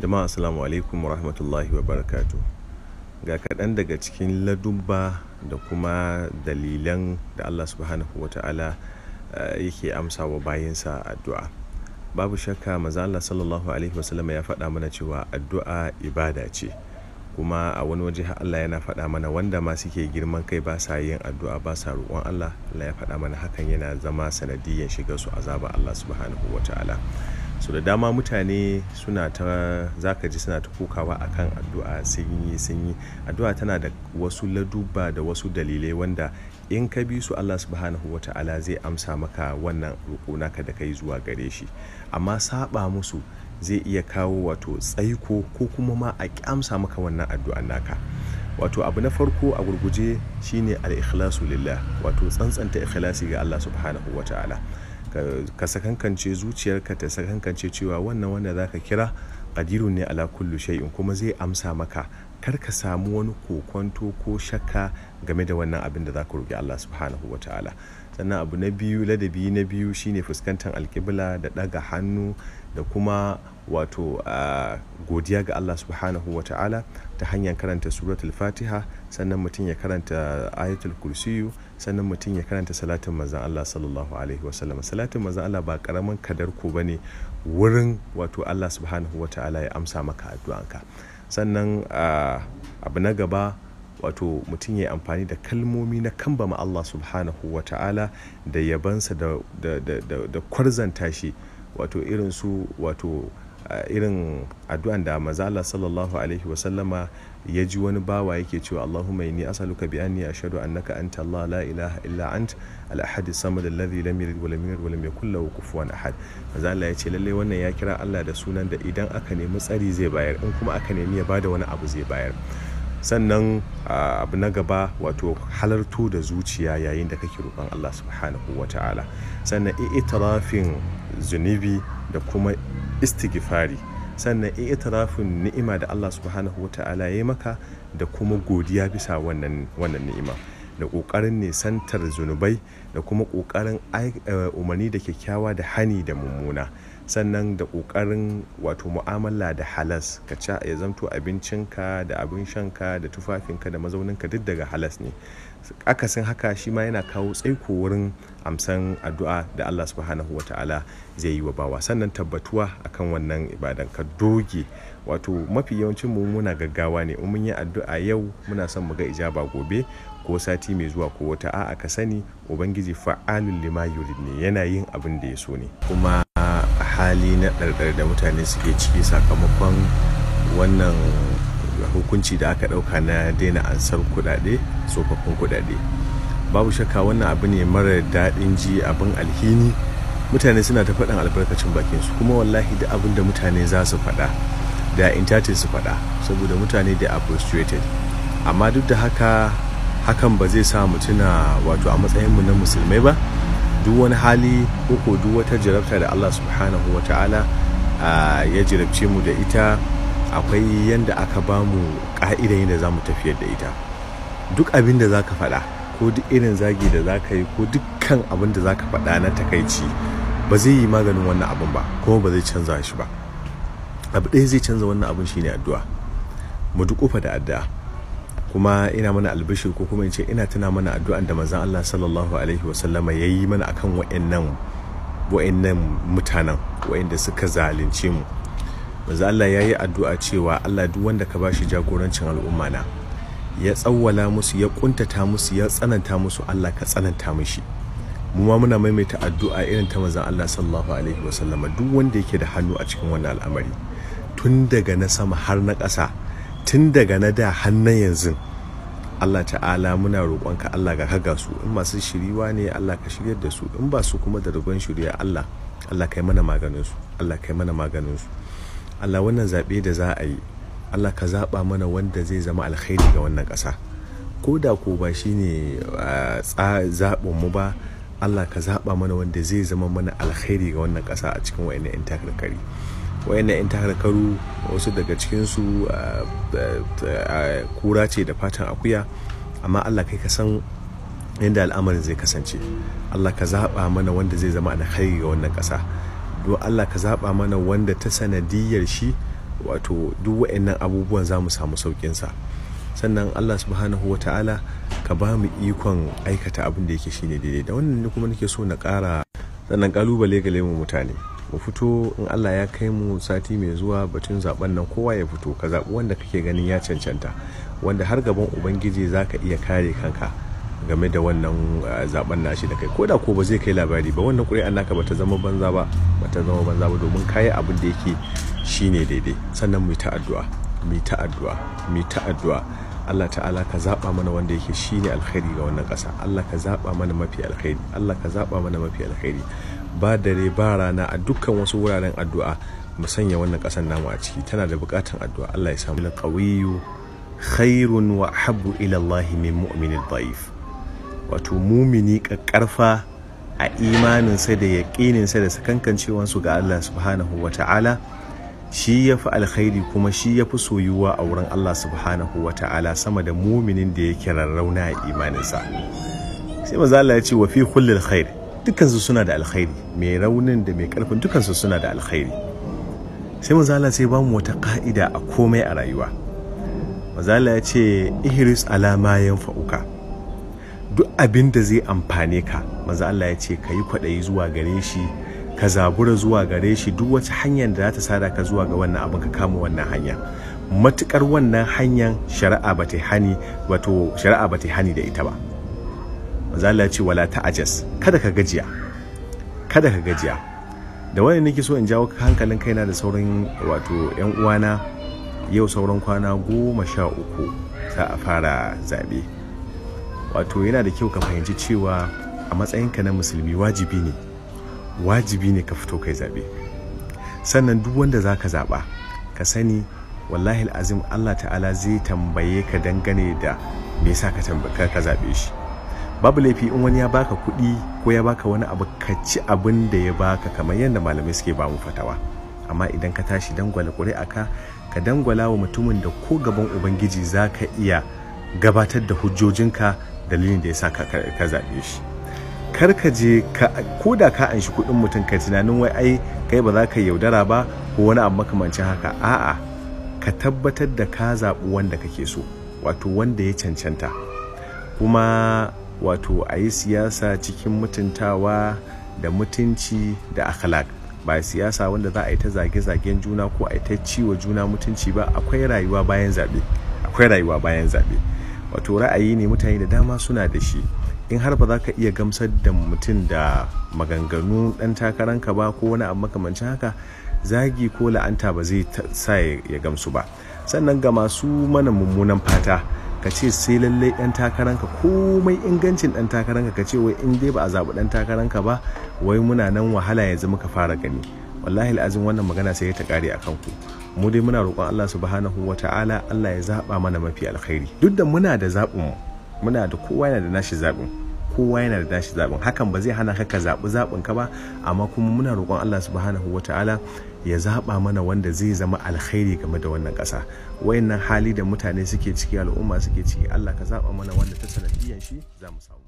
jama'a assalamu alaikum wa barakatu ga kaɗan daga cikin ladubba da kuma dalilan da allah subhanahu ta'ala eh, yake amsa wa bayansa addu'a babu shakka maza allah sallallahu alaihi wasallam ya faɗa mana cewa addu'a ibada ce kuma a wani waje Allah yana faɗa mana wanda ma suke girman kai ba sa yin addu'a ba sa roƙon Allah Allah ya faɗa mana hakan yana zama sanadiyyar shiga su azaba Allah subhanahu ta'ala. so da dama mutane suna ta za ka ji suna ta kokawa akan addu'a sun yi addu'a tana da wasu laduba da wasu dalilai wanda in ka bi su Allah subhanahu ta'ala zai amsa maka wannan roƙo naka da kai zuwa gare shi amma saba musu zai iya kawo wato tsaiko ko kuma ma a amsa maka wannan addu'a naka wato abu na farko a gurguje shine al-ikhlasu lillah wato tsantsanta ikhlasi ga Allah subhanahu ta'ala. ka sakankance zuciyarka ta sakankance cewa wannan wanda za ka kira ƙadiru ne ala kullu shay'in kuma zai amsa maka kar ka samu wani kokonto ko shakka game da wannan abin da za ka roƙi Allah subhanahu wa ta'ala sannan abu na biyu ladabi na biyu shine fuskantar alkibla da ɗaga hannu da kuma wato ah, godiya ga Allah subhanahu wa ta'ala ta hanyar karanta suratul fatiha sannan mutum ya karanta ayatul kursiyu sannan mutum ya karanta salatin manzan Allah sallallahu alaihi wasallam salatin manzan Allah ba karamin kadarko bane wurin wato Allah subhanahu ta'ala ya amsa maka addu'anka sannan abu na gaba wato mutum ya amfani da kalmomi na kambama Allah subhanahu ta'ala da yabansa da kwarzanta shi wato irin su wato irin addu'an da mazala sallallahu alaihi wasallama ya ji wani bawa yake cewa Allahumma inni as'aluka bi anni ashhadu annaka anta Allah la ilaha illa ant al ahad samad alladhi lam yalid walam yulad walam yakul lahu kufuwan ahad mazala ya ce lalle wannan ya kira Allah da sunan da idan aka nemi tsari zai bayar in kuma aka nemi ya bada wani abu zai bayar sannan abu na gaba wato halarto da zuciya yayin da kake roƙon Allah subhanahu wa ta'ala sannan itirafin zunubi da kuma istighfari sannan i'tirafin ni'ima da Allah subhanahu wata'ala ya maka da kuma godiya bisa wannan ni'ima da ƙoƙarin nisantar zunubai da kuma ƙoƙarin eh, umarni da kyakkyawa da hani da mummuna sannan da ƙoƙarin wato mu'amala da halas ka ca ya zamto abincinka da abin shanka da tufafinka da mazauninka duk daga halas ne akasin haka shi ma yana kawo tsaiko wurin amsan addu'a da Allah subhanahu wa ta'ala zai yi wa bawa sannan tabbatuwa akan wannan ibadan ka doge wato mafi yawancin mu muna gaggawa ne mun yi addu'a yau muna son mu ga ijaba gobe ko sati mai zuwa ko wata a'a ka sani ubangiji fa'alul lima yurid ne yana yin abin da ya so ne kuma hali na ɗarɗar da mutane suke ciki sakamakon wannan hukunci da aka ɗauka na daina ansar kudade tsofaffin kudade, babu shakka wannan abu ne mara daɗin ji abin alhini mutane suna ta faɗin albarkacin bakinsu kuma wallahi da abin da mutane za su faɗa da intatin su faɗa saboda mutane da frustrated amma duk da haka hakan ba zai sa mu tuna wato a matsayin mu na musulmai ba duk wani hali ko ko duk wata jarabta da Allah subhanahu wa ta'ala ah, ya jarabce mu da ita akwai yadda aka ba mu ƙa'ida yadda za mu tafiyar da ita duk abin da za ka faɗa ko duk irin zagi da za ka yi ko dukkan abin da za ka faɗa na takaici ba zai yi maganin wannan abin ba kuma ba zai canza shi ba abu ɗaya zai canza wannan abin shine addu'a mu duk duƙufa da addu'a kuma ina mana albishir ko kuma in ce ina tana mana addu'an da manzon Allah sallallahu alaihi wasallama ya yi mana akan wa'annan wa'annan mutanen wa'anda suka zalunce mu manzo Allah ya yi addu'a cewa Allah duk wanda ka bashi jagorancin al'umma na ya tsawwala musu ya kuntata musu ya tsananta musu Allah ka tsananta mishi mu ma muna maimaita addu'a irin ta maza Allah sallallahu alaihi wasallama duk wanda yake da hannu a cikin wannan al'amari tun daga na sama har na ƙasa tun daga na da hannun yanzu Allah ta'ala muna roƙonka Allah ga kaga su in masu shiriwa ne Allah ka shiryar da su in ba su kuma da ruban shiriya Allah Allah kai mana maganin Allah kai mana maganin su Allah wannan zaɓe da za a yi Allah ka zaɓa mana wanda zai zama alkhairi ga wannan ƙasa ko da ko ba shi ne ah, mu ba Allah ka zaɓa mana wanda zai zama mana alkhairi ga wannan ƙasa a cikin wayannan 'yan takarkari wayannan 'yan takarkaru wasu daga cikinsu ah, ah, kura ce da fatan akuya amma Allah kai ka san yadda al'amarin zai kasance Allah ka zaɓa mana wanda zai zama alkhairi ga wannan ƙasa don Allah ka zaba mana wanda ta sanadiyar shi wato duk wa'annan abubuwan za mu samu saukin sa sannan Allah subhanahu ta'ala ka ba mu ikon aikata abin da yake shine daidai da wannan ne kuma nake so na ƙara sannan kalubale ga mu mutane mu fito in Allah ya kai mu sati mai zuwa batun zaben nan kowa ya fito ka zaɓi wanda kake ganin ya cancanta wanda har gaban ubangiji zaka iya kare kanka game da wannan eh, zaben nashi da kai ko da ko ba zai kai labari ba wannan ƙuri'an naka ba ta zama banza ba bata zama banza ba domin kayi abin da yake shine daidai sannan mu ta addu'a mu ta addu'a mu ta addu'a Allah ta'ala ka zaba mana wanda yake shine alkhairi ga wannan ƙasa Allah ka zaba mana mafi alkhairi Allah ka zaba mana mafi alkhairi ba dare ba rana a dukkan wasu wuraren addu'a mu sanya wannan ƙasar namu a ciki tana da buƙatar addu'a Allah ya samu qawiyyu khairun wa habbu ila Allah min mu'minin da'if wato mumini ƙaƙƙarfa a imaninsa da yaƙininsa da sakankancewansu ga Allah subhanahu wa ta'ala shi ya fi alkhairi kuma shi ya fi soyuwa a wurin Allah subhanahu wa ta'ala sama da muminin da yake rarrauna a imaninsa sai maza Allah ya ce wa fi kullil khair dukansu suna da alkhairi mai raunin da mai karfin dukansu suna da alkhairi sai maza Allah sai mu wata ka'ida a komai a rayuwa maza Allah ya ce ihris alama ma yanfa'uka duk abin da zai amfane ka maza Allah ya ce ka yi kwaɗayi zuwa gare shi ka zabura zuwa gare shi duk wata hanyar da za ta sada ka zuwa ga wannan abin ka kama wannan hanya matukar wannan hanyar shari'a ba ta hani wato shari'a ba ta hani da ita ba maza Allah ya ce wala ta'ajas kada ka gajiya kada ka gajiya da wani nake so in jawo hankalin kaina da sauran wato yan uwana yau sauran kwana goma sha uku za a fara zaɓe wato yana da kyau ka fahimci cewa a matsayinka na musulmi wajibi ne wajibi ne ka fito kai zaɓe sannan duk wanda za ka zaɓa ka sani wallahi azim allah ta'ala zai tambaye ka dangane da me sa ka ka zaɓe shi babu laifi in wani ya baka kuɗi ko ya baka wani abu ka ci abin da ya baka kamar yadda malamai suke ba mu fatawa amma idan ka tashi dangwala a ka ka dangwala wa mutumin da ko gaban ubangiji za ka iya gabatar da hujjojinka dalilin da ya sa ka zaɓe shi kar ka je ko da ka anshi kuɗin mutum ka tunanin wai ai kai ba za ka yaudara ba ko wani abu makamancin haka a'a ka tabbatar da ka zaɓi wanda kake so wato wanda ya cancanta kuma wato a yi siyasa cikin mutuntawa da mutunci da akhlaq ba siyasa wanda za a yi ta zage-zagen juna ko a yi ta ciwo juna mutunci ba akwai rayuwa bayan zaɓe akwai rayuwa bayan zaɓe wato ra'ayi ne mutane da dama suna da shi in har ba za ka iya gamsar da mutum da maganganu ɗan takaranka ba ko wani abu makamancin haka zagi ko la'anta ba zai sa ya gamsu ba sannan ga masu mana mummunan fata ka ce sai lallai ɗan takaranka komai ingancin ɗan takaranka ka ce wai in dai ba a zaɓi ɗan takaranka ba wai muna nan wahala yanzu muka fara gani wallahi al'azin wannan magana sai ta kare a kanku mu dai muna roƙon Allah subhanahu wata'ala Allah ya zaba mana mafi alkhairi duk da muna da zaɓin muna da kowa yana da nashi zaɓin kowa yana da nashi zaɓin hakan ba zai hana ka zaɓi zaɓin ka ba amma kuma muna roƙon Allah subhanahu wata'ala ya zaɓa mana wanda zai zama alkhairi game da wannan ƙasa wayannan hali da mutane suke ciki al'umma suke ciki Allah ka zaɓa mana wanda ta sanadiyan shi za mu samu